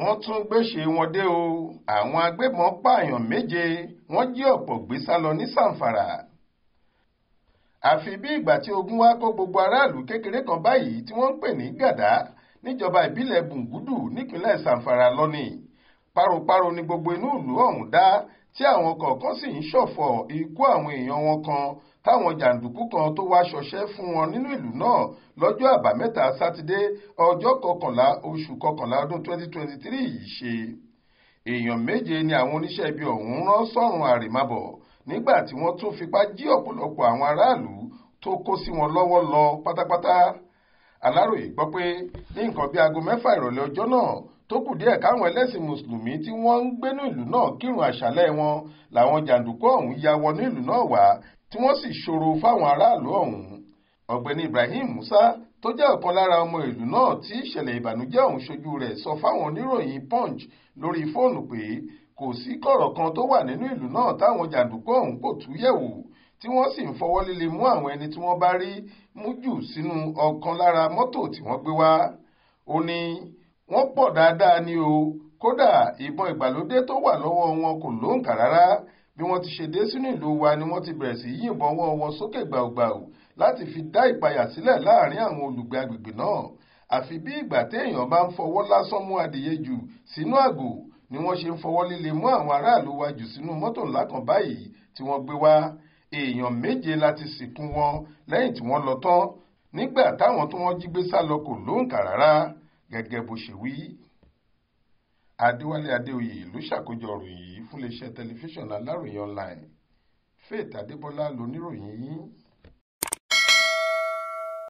wọ́n tún gbéṣe wọn dé o àwọn agbébọn pààyàn méje wọ́n jí ọ̀pọ̀ gbé sá lọ ní sàǹfàrà àfi bí ìgbà tí ogun wá kó gbogbo aráàlú kékeré kan báyìí tí wọ́n ń pè ní gàdá níjọba ìbílẹ̀ bùngúdù nípínlẹ̀ sàǹfàrà lọ ni páropáro ni gbogbo inú ìlú ọ̀hún dá tí àwọn kọ̀ọ̀kan sì ń ṣọ̀fọ̀ ikú àwọn èèyàn wọn kan táwọn jàǹdùkú kan tó wá ṣọṣẹ́ fún wọn nínú ìlú náà lọ́jọ́ àbámẹ́ta sátidé ọjọ́ kọkànlá oṣù kọkànlá ọdún 2023 yìí ṣe èèyàn méje ni àwọn oníṣẹ́ ibi ọ̀hún rán sọ́run àrèmábọ̀ nígbà tí wọ́n tún fipá jí ọ̀pọ̀lọpọ̀ àwọn aráàlú tó kó sí wọn lọ́wọ́ lọ pátápátá aláròye gbọ́ pé ní nǹkan bíi aago mẹ́fà ìrọ̀lẹ́ ọjọ́ náà tó kù díẹ̀ káwọn ẹlẹ́sìn mùsùlùmí tí wọ́n ń gbénú ìlú náà kírun àṣálẹ́ wọn làwọn jàǹdùkú ọ̀hún ya wọnú ìlú náà wá tí wọ́n sì ṣòro fáwọn aráàlú ọ̀hún ọ̀gbẹ́ni Ibrahim Musa tó jẹ́ ọ̀kan lára ọmọ ìlú náà tí ìṣẹ̀lẹ̀ ìbànújẹ́ ọ̀hún ṣojú rẹ̀ sọ fáwọn oníròyìn Punch lórí fóònù pé kò sí kọ̀rọ̀ kan tó wà nínú ìlú náà táwọn jàǹdùkú ọ̀hún kò tú yẹ̀wò tí wọ́n sì ń fọwọ́ líle mú àwọn ẹni tí wọ́n bá rí mú jù sínú ọ̀kan lára mọ́tò tí wọ́n gbé wá ó ní wọ́n pọ̀ dáadáa ni o kódà ìbọn ìgbàlódé tó wà lọ́wọ́ wọn kò lóǹkà rárá bí wọ́n ti ṣe dé sínú ìlú wa ni wọ́n ti bẹ̀rẹ̀ sí yìnbọn wọ́n wọn sókè gbàùgbàù láti fi dá ìpayà sílẹ̀ láàrin àwọn olùgbé agbègbè náà àfi bí ìgbà téèyàn bá ń fọwọ́ lásán mú adìyẹ jù sínú àgò ni wọ́n ṣe ń fọwọ́ líle mú àwọn aráàlú wa jù sínú mọ́tò ńlá kan báyìí tí wọ́n gbé wá èèyàn méje láti sìnkú wọn lẹ́yìn tí wọ́n lọ tán nígbà táwọn tí wọ́n jí gbé sá lọ kò lóǹkà rárá gẹ́gẹ́ bó ṣe wí. adéwálé adéoyè ló ṣàkójọ ròyìn yìí fún iléeṣẹ́ tẹlifíṣàn aláròyìn online faith adébọlá loníròyìn yín.